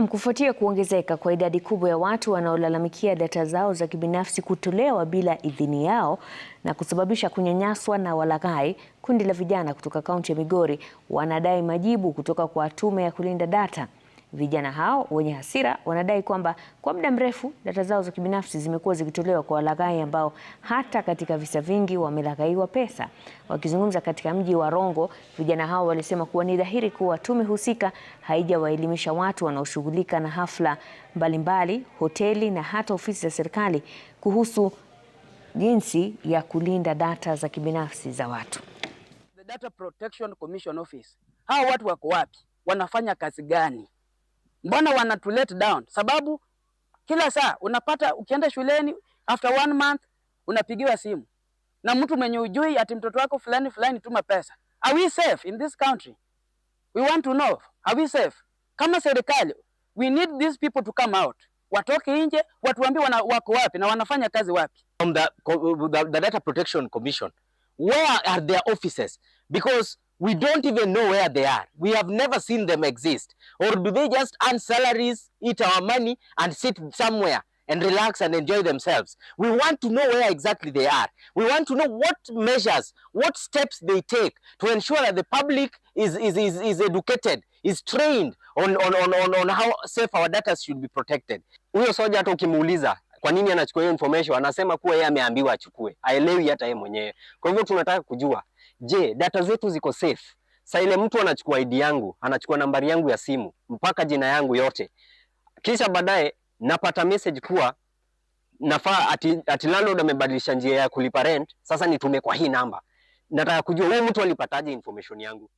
Na kufuatia kuongezeka kwa idadi kubwa ya watu wanaolalamikia data zao za kibinafsi kutolewa bila idhini yao na kusababisha kunyanyaswa na walaghai, kundi la vijana kutoka kaunti ya Migori wanadai majibu kutoka kwa Tume ya Kulinda Data. Vijana hao wenye hasira wanadai kwamba kwa muda mrefu data zao za kibinafsi zimekuwa zikitolewa kwa walaghai ambao hata katika visa vingi wamelaghaiwa pesa. Wakizungumza katika mji wa Rongo, vijana hao walisema kuwa ni dhahiri kuwa tume husika haijawaelimisha watu wanaoshughulika na hafla mbalimbali, hoteli na hata ofisi za serikali kuhusu jinsi ya kulinda data za kibinafsi za watu. The Data Protection Commission Office. Hao watu wako wapi? Wanafanya kazi gani? Mbona let down? Sababu kila saa unapata ukienda shuleni after one month unapigiwa simu na mtu mwenye ujui ati mtoto wako fulani fulani tuma pesa. Are we safe in this country? We want to know, are we safe? Kama serikali, we need these people to come out, watoke nje, watuambie wana, wako wapi na wanafanya kazi wapi. From the, the, the Data Protection Commission, where are their offices? Because we don't even know where they are. We have never seen them exist. Or do they just earn salaries, eat our money, and sit somewhere and relax and enjoy themselves? We want to know where exactly they are. We want to know what measures, what steps they take to ensure that the public is, is, is, is educated, is trained on, on, on, on, on how safe our data should be protected. Huyo soja hata ukimuuliza kwa nini anachukua hiyo information, anasema kuwa yeye ameambiwa achukue, aelewi hata yeye mwenyewe. Kwa hivyo tunataka kujua Je, data zetu ziko safe? Sasa ile mtu anachukua ID yangu, anachukua nambari yangu ya simu mpaka jina yangu yote, kisha baadaye napata message kuwa nafaa ati, ati landlord amebadilisha njia ya kulipa rent, sasa nitume kwa hii namba. Nataka kujua huyu mtu alipataje information yangu.